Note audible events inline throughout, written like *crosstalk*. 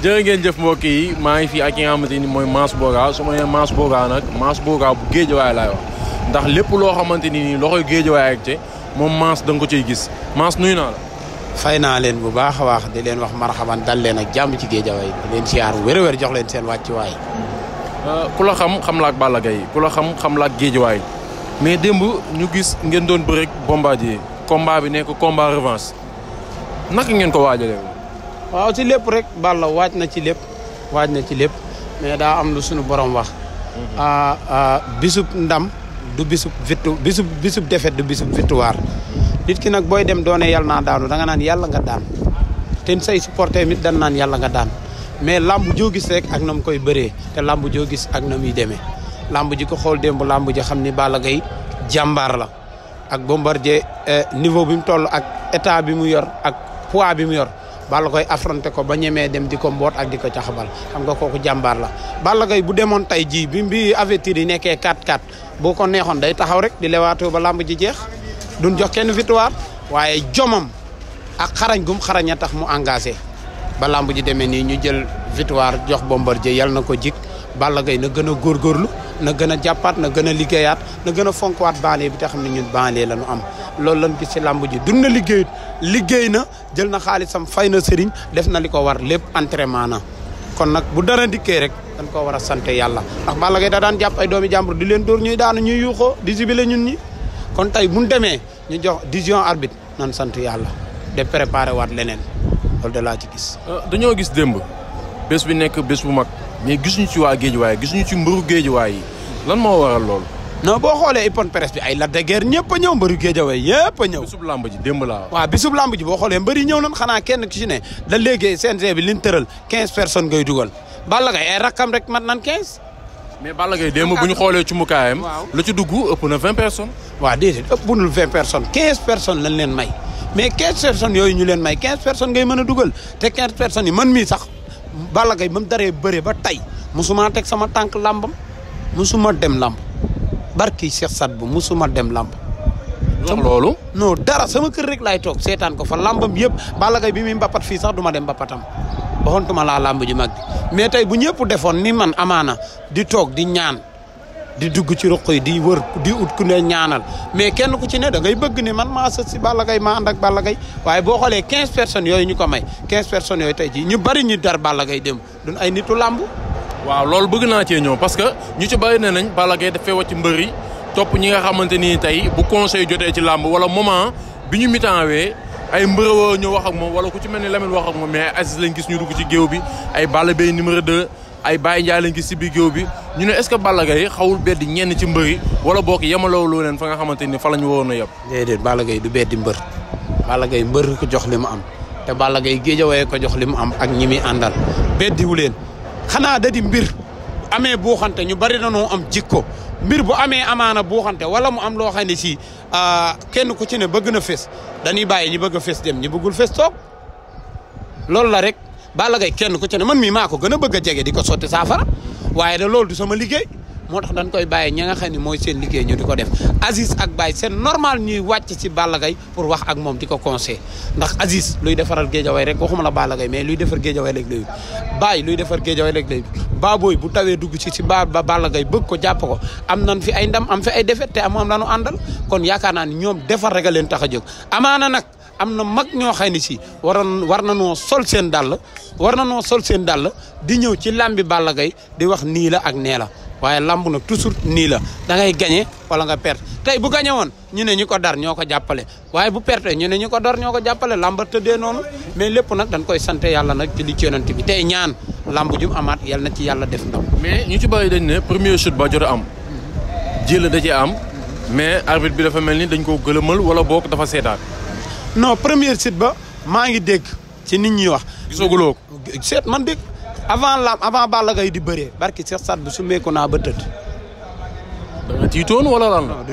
jërë ngeen jëf mbokk yi maa ngi fi ak yi nga xamante ni mooy Mass Booga su ma nee Mass Booga nag Mass Booga bu géejawaay laay wax ndax lépp loo xamante ni nii loxoy géejawaay ak te moom Mass danga ko ciy gis Mass nuy naa la. fay naa leen bu baax a baax di leen wax marxaban dal leen ak jàmm ci géejawaay di leen siyaar wér-wér jox leen seen wàcc wàccuwaay. Euh, ku la xam xam la ak Balla Gaye ku la xam xam la ak géejawaay mais démb ñu gis ngeen doon bëreeg Bombardier combat bi nekk combat revanche naka ngeen ko waajalee. waaw ci lépp rek Balla waaj na ci lépp waaj na ci lépp daa am lu suñu borom wax mhm. ah, ah, bisub ndam du bisub victoire bisub bisub défaite du bisub victoire mhm. nit ki nag booy dem doone yàlla na daanu da nga naan yàlla nga daan te say supporter mit dan naan yàlla nga daan mais làmb joo gis rek ak na mu koy bëree te làmb joo gis ak na muy demee làmb ji ko xool démb làmb ji xam ni Balla Gaye jàmbaar la ak Bombardier eh, niveau bi mu toll ak état bi mu yor ak poids bi mu yor Balla koy affronté ko ba ñemee dem di ko mboot ak di ko caxabal xam nga kooku jàmbaar la Balla Gaye bu demoon tey jii bi bi avertir yi nekkee 4-4 boo ko neexoon day taxaw rek di lewaatoo ba làmb ji jeex duñ jox kenn victoire waaye jomam ak xarañ gum xarañ a tax mu engagé ba làmb ji demee nii ñu jël victoire jox Bombardier yal na ko jik Balla gay na gën a góorgóorlu na gën a jàppaat na gën a liggéeyaat na gën a fonkwaat banlieue bi te xam ne ñun banlieue la ñu am loolu lañ gis ci làmb ji dun na liggéeyut liggéey na jël na xaalisam fay na sëriñ def na li ko war lépp entraînement na kon nag bu dara dikkee rek dañ koo war a sant yàlla ndax Balla Gaye da daan jàpp ay doomi jàmbur di leen dóor ñuy daanu ñuy yuuxoo di jibile ñun ñi kon tey bu ñu demee ñu jox décision arbitre nan sant yàlla de préparer waat leneen loolu de laa ci gis euh, dañoo gis démb bés bi nekk bés bu mag mais gis ñu ci waa géejuwaay gis ñu ci mbëru géej yi lan moo waral loolu. non boo xoolee ipon presse bi ay la de Guiers ñëpp a ñëw mbëru géejawaay yëpp a ñëw bisub lamb ji démb laa waaw bisub lamb ji boo xoolee mbari ñëw nan xanaa kenn ki ci ne da léegi CNG bi liñ tëral quinze personnes ngay dugal Balla Gaye ay rakkam rek mat nan quinze Balla Gaye démb bu ñu xoolee ci mukaayam lu ci dugg ëpp na vingt personnes waaw déedéet ëpp bunul vingt personnes quinze personnes lañ leen may mais yooyu ñu leen may quinze personnes ngay mën a dugal te quinze personnes man mii sax Balla Gaye ba mu daree bëre ba tey musuma teg sama tànk làmbam musuma dem làmb barki Cheikh Sat bu musuma dem làmb sama loolu non dara sama kër rek laay toog seetaan ko fa làmbam yëpp Balla bi muy mbappat fii sax du ma dem mbappatam waxontuma laa làmb ji mag bi mais tey bu ñëpp defoon ni man amaana di toog di ñaan di dugg ci ruq yi di wër di ut ku ne ñaanal mais kenn ku ci ne da ngay bëgg ni man maa sës si Balla Gaye maa ànd ak Balla Gaye waaye boo xoolee 15 personnes yooyu ñu ko may 15 personnes yooyu tey jii ñu bari ñu dar Balla Gaye dem duñ ay nitu làmb waaw loolu bëgg naa cee ñëw parce que ñu ci bari ne nañ Balla Gaye dafay wàcc mbër yi topp ñi nga xamante ni tey bu conseil jotee ci làmb wala moment bi ñu mitaawee ay mbërëwa ñëw wax ak moom wala ku ci mel ni Lamine wax ak moom mais Aziz lañ gis ñu dugg ci géew bi ay Balla Gaye numéro 2 ay Baye Ndiaye lañ gis si biir bi ñu ne est-ce que Balla Gaye xawul bedd ñenn ci mbër yi wala bokk yemalawuloo leen fa nga xamante ni fa la ñu waroon a yem. déedéet Balla Gaye du beddi mbër Balla Gaye mbër ko jox li mu am te Balla Gaye géejawee ko jox li mu am ak ñi muy àndal beddiwu leen xanaa da di mbir amee buuxante ñu bari na noo am jikko mbir bu amee amaana buuxante wala mu am loo xam ne si ah, kenn ku ci ne bëgg na fes dañuy bàyyi ñi bëgg a fes dem ñi bëggul fes toog loolu la rek. Balla Gaye kenn ku ci ne man mii maa ko gën a bëgg a jege di ko sotti saafara waaye da loolu du sama liggéey moo tax dañ koy bàyyi ña nga xam ne mooy seen liggéey ñu di ko def Aziz ak Baye seen normal ñuy wàcc si Balla gay pour wax ak moom di ko conseil ndax Aziz luy defaral géejawaay rek waxuma la Balla Gaye mais luy defar géejawaay rek lay Baye luy defar géejawaay rek lay Baboy bu tawee dugg ci ci ba Balla gay bëgg ko jàpp ko am nañ fi ay ndam am fi ay défaite te am am lañu àndal kon yaakaar naa ne ñoom defar rek a leen tax a jóg amaana nag am na mag ñoo xam ne si war na noo sol seen dàll war na noo sol seen dàll di ñëw ci làmbi Balla gay di wax nii la ak nee la waaye lamb nag toujours nii la dangay ngay gagné wala nga perte tey bu gagné woon ñu ne ñu ko dar ñoo ko jàppale waaye bu perte ñu ne ñu ko dar ñoo ko jàppale lamba tëddee noonu mais lépp nag dañ koy sant yàlla nag ci li ci bi tey ñaan lamb jum amaat yal na ci yàlla def ndam. mais ñu ci bàyyi dañ ne premier chute ba jot am jël la ci am mais arbitre bi dafa mel ni dañ koo gëlëmal wala boog dafa seetaan. non première site ba maa ngi dégg ci nit ñi wax. gisaguloo ko seet man dégg avant laam avant Balla Gaye di bëree barki seet sat bi su meeku naa ba tëdd. da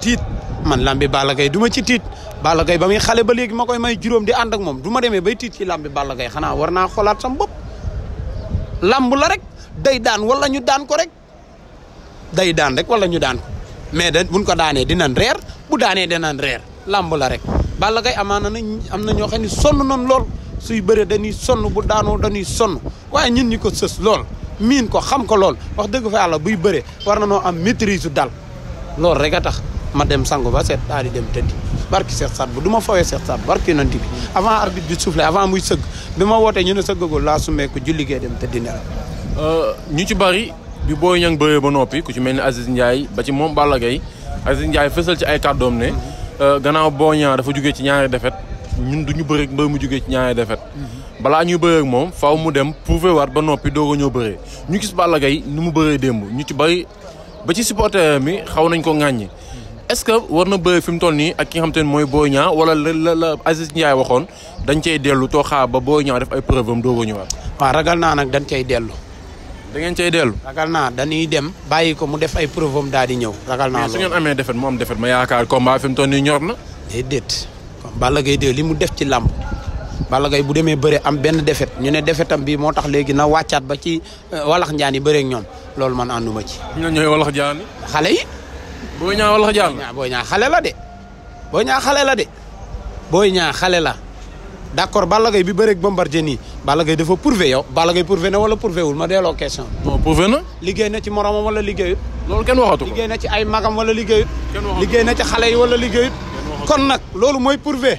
tiit man lambi Balla Gaye du ci tiit Balla Gaye ba muy xale ba léegi ma koy may juróom di ànd moom du ma demee bay tiit ci lambi Balla Gaye xanaa war naa xoolaat sam bopp. lamb la rek day daan walla ñu daan ko rek day daan rek walla ñu daan ko mais da buñ ko daanee dinañ reer bu daanee dinañ reer lamb la rek. Balla Gaye amaana nañ am na ñoo xam ne sonn noonu lool suy bëre dañuy sonn bu daanoo dañuy sonn waaye ñun ñi ko sës lool miin ko xam ko lool wax dëgg fa yàlla buy bëree war na noo am maîtrise su dal loolu rek a tax ma dem sangu ba seet daal di dem tëddi barki seet sat bu du ma fawee seet sat barki yonent bi avant arbitre bi soufflé avant muy sëgg bi ma wootee ñu ne sëggagul laa sumee ko julligee dem tëddi euh, ñu ci bari bi Boy Niang bëree ba noppi ku ci mel ni Aziz Ndiaye ba ci moom Balla Gaye Aziz Ndiaye ci ay kàddoom ne Euh, gannaaw boo ñaar dafa jugee ci ñaari defet ñun du ñu bëree mu jugee ci ñaari defet mhm. balaa ñuy bëree moom faaw mu dem prouver waat ba noppi doog ñoo ñëw bëree ñu gis Balla Gaye ni mu bëree démb ñu ci bari ba ci supporter mi xaw nañ ko ŋàññi mhm. est-ce que war na bëree fi mu toll nii ak ki nga xam te ne mooy Boy Niang wala la la la Aziz waxoon dañ cay dellu too xaar ba Boy Niang def ay preuve am doog a ñëwaat. waaw ragal naa nag dañ cay dellu. da ngeen cay delu ragal naa dañuy dem bàyyi ko mu def ay preuve daal di ñëw. ragal naa loolu amee defet mu am defet ma yaakaar combat fi mu toll nii ñor na. déedéet comme Balla Gaye li mu def ci làmb bala Gaye bu demee bëre am benn defet ñu ne defetam bii moo tax léegi na wàccaat ba ci euh, walax njaan yi bëree ak ñoom loolu man ànduma ci. ñoo ñooy walax njaan xale yi. booy ñaa walax njaan ñaa xale la de. booy ñaa xale la de. booy ñaa xale la. d'accord Balla Gaye bi bëreeg Bombardier nii Balla Gaye dafa prouvé yow Balla Gaye prouvé na wala prouvé wul ma delloo question. non na. liggéey na ci moromam wala liggéey loolu kenn waxatu ko liggéey na ci ay magam wala liggéeyut. kenn waxatu liggéey na ci xale yi wala liggéeyut. kon nag loolu mooy prouvé.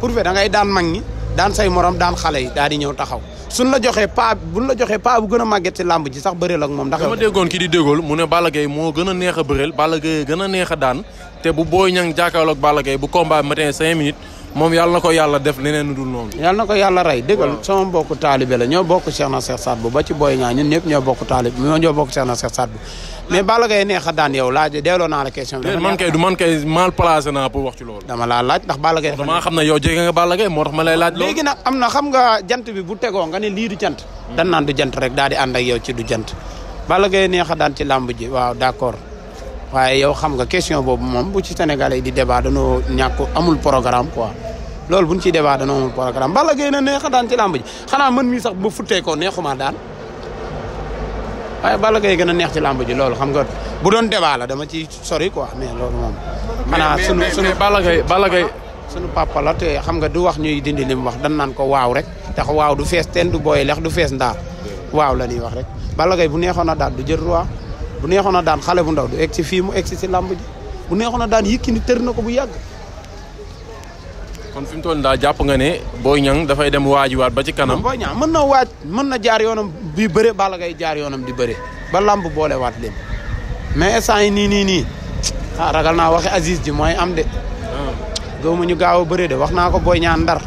prouvé da ngay daan mag ñi daan say morom daan xale yi daal di ñëw taxaw suñ la joxe paa buñ la joxe paa bu gën a màgget si làmb ji sax bëreel ak moom. ndax dama déggoon kii di déggool mu ne Balla Gaye moo gën a neex a a neex daan te bu booy ñang jàkkaarloog Balla Gaye bu combat matin cinq minutes moom yàlla ko yàlla def leneen lu dul noonu. yàlla na ko yàlla rey dëggal sama mbokku taalibe la ñoo bokk Cheikh na Cheikh Saad bu ba ci Boy Niang ñun ñëpp ñoo bokk taalibe ñoo ñoo bokk Cheikh na Cheikh Saad bu mais Balla Gaye neex daan yow laaj delloo naa la question bi. man kay du man kay naa pour wax ci dama laa laaj ndax Balla Gaye. xam ne yow jege nga Balla Gaye moo tax ma lay laaj. loolu léegi nag am na xam nga jant bi bu tegoo nga ne lii du jant. Hmm. dan naan du jant rek daal di ànd yow ci du jant. Balla Gaye neex a daan ci làmb ji waaw d'accord waaye yow xam nga question boobu moom bu ci Sénégalais yi di débat danoo ñàkk amul programme quoi loolu bu ñu ciy débat danoo amul programme Balla Gaye na neex daan ci làmb xanaa mën mii sax ba futtee ko gën a neex ci làmb ji loolu xam nga bu doon débat la dama ci sori quoi mais loolu moom. xanaa sunu sunu Balla Gaye Balla sunu papa la nga du wax ñuy dindi lim wax dan naan ko waaw rek tax waaw du fees teen du booy lex du fees ndaar waaw la ñuy wax rek Balla bu neexoon a daal du jël roi bu neexoon a daan xale bu ndaw du egg ci fii mu egg ci làmb ji bu neexoon a daan Yékini tër na ko bu yàgg. kon fi mu toll daal jàpp nga ne booy Niang dafay dem waajiwaat ba ci kanam. Boy Niang mën na waaj mën na jaar yoonam bi bëre Balla Gaye jaar yoonam di bëre ba làmb waat leen mais instant yi nii nii nii ah, ragal naa waxe Aziz ji mooy am de. gëwma ñu gaaw a bëre de wax naa ko Boy Niang ndar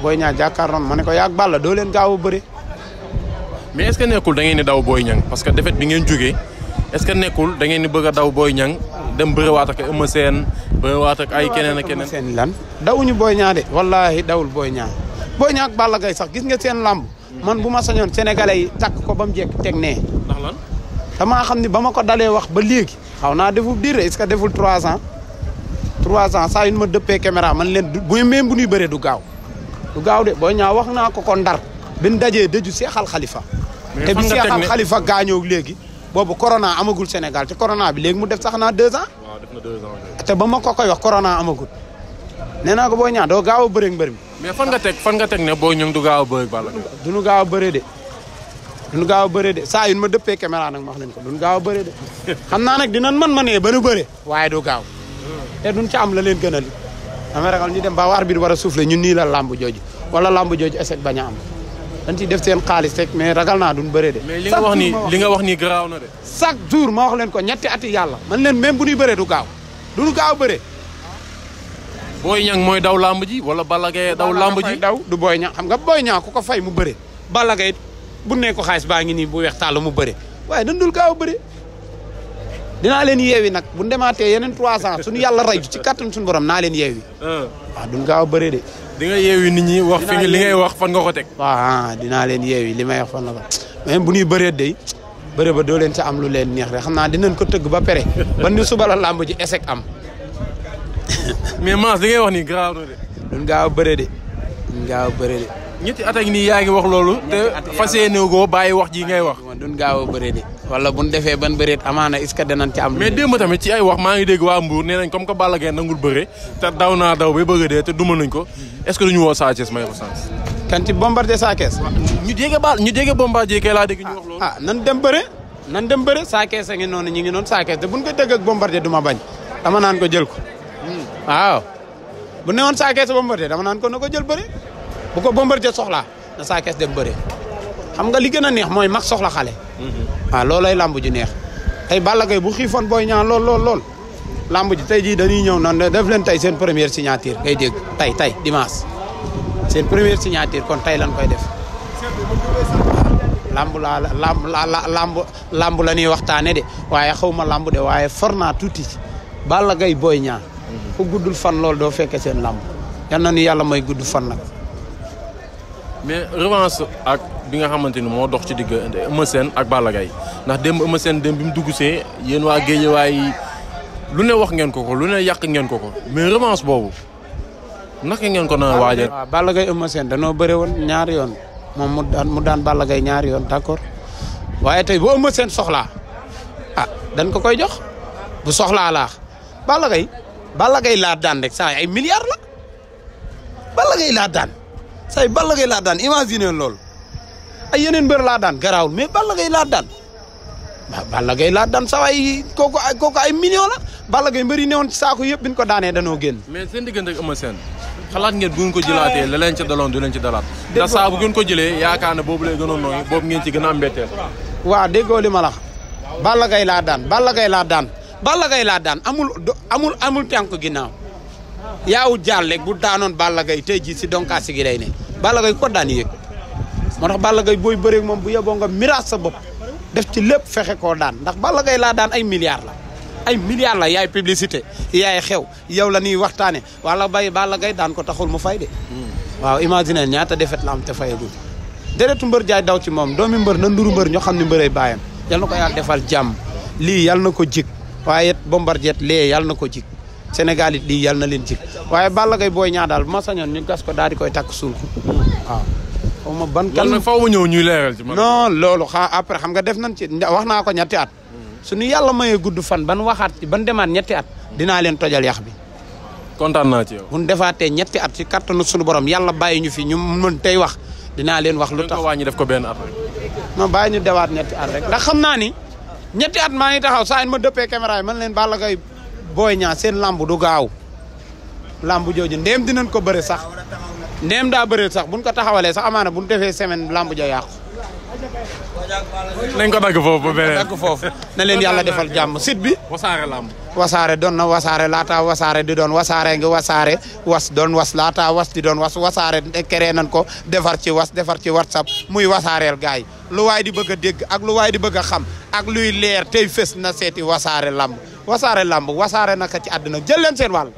Boy Niang noon ma ne ko yaag Balla doo leen gaaw a bëre. mais est ce que nekkul da ngeen di daw Boy Niang parce que défaite bi ngeen jógee est ce que nekkul da ngeen di bëgg a daw Boy Niang dem bëriwaat ak Eumeu Sène bëriwaat ak ay keneen ak keneen seen lan dawuñu Boy Niang de dawul Boy Niang Boy Niang ak Balla sax gis nga seen làmb man bu ma sañoon sénégalais yi takk ko ba mu jekk teg nee ndax lan damaa xam ni ba ma ko dalee wax ba léegi xaw naa deful biir est ce que deful trois ans trois ans saa yu ma dëppee caméra man leen bu même bu nuy bëree du gaaw du gaaw de Boy Niang wax naa ko ko ndar bin dajee dëju seexal xalifa te bi Cheikh Al Khalifa gaañoo léegi boobu corona amagul Sénégal te korona bi léegi mu def sax naa deux ans. na deux te ba ma ko koy wax corona amagul. nee naa ko boo ñaan doo gaaw a bëre mbër mi. mais fan nga teg fan nga teg ne boo ñëw du gaaw a bëre Balla Gaye. du a bëre de. du a bëre saa yu ma dëppee caméra nag max wax leen ko du nu gaaw a bëre de. *laughs* xam naa nag dinañ man ma ne nu bëre. waaye du gaaw. Hmm. te duñ ca am la leen gënal. dama ragal ñu dem ba waar bi war a soufflé ñun nii la làmb jooju wala làmb jooju échec bañ a am dañ ciy def seen xaalis rek mais ragal naa duñ bëree de. mais li nga wax ni li nga wax ni na de. chaque jour ma wax leen ko ñetti ati yàlla. man leen même bu ñuy bëree du gaaw duñu gaaw bëree. Boy Niang mooy daw lamb ji wala Balla daw lamb ji daw du booy Niang xam nga Boy Niang ku ko fay mu bëre Balla Gaye bu ne xaalis baa ngi nii bu weex tàll mu bëre waaye dañ dul gaaw bëre dinaa leen yeewi nag bu ñu demaatee yeneen trois ans suñu yàlla rey ci kàttan suñu borom naa leen yeewi euh. waaw duñ gaaw bëre di nga yeewi nit ñi wax li ngay wax fan nga ko teg. waaw ah, ah, dinaa leen yeewi li may wax fan la ko même bu ñuy bëree dey bëre ba doo leen ci am lu leen neex rek xam naa dinañ ko tëgg ba pere ba ni suba la làmb ji échec am. *laughs* mais mas li ngay wax nii gaaw a bëre de gaaw a bëre de. ñetti at ak nii wax loolu. te fas yéene goo bàyyi wax ji ngay wax. duñ gaaw a bëre de. wala bu ñu defee ban bëreet amaana est-ce que danañ ci am. mais démb tamit ci ay wax maa ngi dégg waa Mbour nee nañ comme que Balla Gaye nangul bëre te daw naa daw ba bëgg a dee te duma nañ ko est-ce que duñu woo Sa Thiès may ko sens. kan ci bombardé Sa Thiès. ñu déggee Ba ñu déggee bombardé kay laa dégg ñu wax loolu. ah nan dem bëre nan dem bëre Sa Thiès a ngi noonu ñu ngi noonu Sa Thiès te buñ ko dégg ak bombardé duma bañ dama naan ko jël ko hmm. waaw bu newoon Sa Thiès bombardé dama naan ko na ko jël bëre bu ko bombardé soxlaa na Sa Thiès dem bëre xam nga li gën a neex mooy mag soxla xale. waaw mhm. ah, loolay làmb ji neex. tey Balla Gaye bu xiifoon Boy Niang lool lool lool làmb ji tey jii dañuy ñëw noonu def leen tey seen première signature ngay dégg tey tey dimanche seen première signature kon tey lañ koy def. Ah, làmb laa làmb làmb làmb la ñuy waxtaane de waaye xaw ma làmb de waaye for naa tuuti Balla Gaye Boy Niang mhm. ku guddul fan lool doo fekke seen làmb yal na nu yàlla mooy gudd fan nag. mais revanche ak bi nga xamante ni moo dox ci digg Eumeu Sène ak Balla Gaye ndax dem Eumeu Sène démb bi mu dugg see yéen waa Guédiawaye lu ne wax ngeen ko ko lu ne yàq ngeen ko ko mais revanche boobu naka ngeen ko na waajal. waaw Balla Gaye Eumeu Sène danoo bëre woon ñaari yoon moom mu daan mu daan Balla Gaye ñaari yoon d'accord waaye tey boo Eumeu Sène soxlaa ah dañ ko koy jox bu soxlaa laax Balla Gaye Balla laa daan rek saa ay milliards la Balla Gaye laa daan. say Balla Gaye laa daan i imaginer lool ay yeneen mbër laa daan garaawul mais Balla gay laa daan waaw Balla gay laa daan saa waay kooku ay kooku ay million la Balla Gaye mbër yi newoon ci saako yëpp bi ko daanee danoo génn. mais seen diggante ak Eumeu Sène xalaat ngeen bu ngeen ko jëlaatee ah. la leen ci daloon du leen ci dalaat. ndax saa ko jëlee yaakaar ne boobu lay gënoon nooy boobu ngeen ci gën a am mbetteel. waaw déggoo li ma la Balla laa daan Balla Gaye laa daan Balla Gaye laa daan amul amul amul tànk ginnaaw yaawu jàlleg bu daanoon Balla gay tey jii si donkaasi gi day ne Balla Gaye ko daan yëg moo tax Balla Gaye booy bëreeg moom bu yeboo nga miraas sa bopp def ci lépp fexe koo daan ndax Balla Gaye laa daan ay milliards la ay milliards la yaay publicité yaay xew yow la ñuy waxtaane wala bay Balla gay daan ko taxul mu fay de waaw ñaata defet la am te fayagul deretu mbër jaay daw ci moom doomi mbër na nduru mbër ñoo xam ne mbëray baayam yal na ko yàlla defal jàmm lii yal na ko jik waaye it Bombardier lee yal na ko jik Sénégal it lii yàlla na leen jig waaye Balla Gaye Boy Niang daal bu ma sañoon ñu gas ko daal koy takk suul ko ma ban kan loolu faaw ñëw ñuy leeral ci man. non loolu xa après xam nga def nañ ci wax naa ko ñetti at. suñu yàlla mayee gudd fan ban waxaat ci ban demaat ñetti at. dinaa leen tojal yax bi. kontaan naa ci yow. defaatee ñetti at ci kattanu suñu borom yàlla bàyyi ñu fi ñu mën tey wax dinaa leen wax. lu tax ñu def ko benn at rek. non bàyyi ñu dewaat ñetti at rek ndax xam naa ni ñetti at maa ngi taxaw saa ma dëppee caméra man leen Balla Gaye booy Niang seen lamb du gaaw lamb jooju ndéem dinañ ko bëre sax ndéem daa bëre sax buñ ko taxawalee sax amaana buñ defee semaine lamb ja yàqu. nañ ko dagg foofu ba beneen dagg na leen yàlla defal jàmm site bi. wasaare lamb wasaare doon na wasaare laata wasaare di doon wasaare ngi wasaare was doon was laata was di doon was wasaare kere nañ ko defar ci was defar ci whatsapp muy wasaareel gars yi lu waay di bëgg a dégg ak lu waay di bëgg a xam ak luy leer tey fës na seeti wasaare lamb. wasaare lamb wasaare naka ci àddina jël leen seen wàll.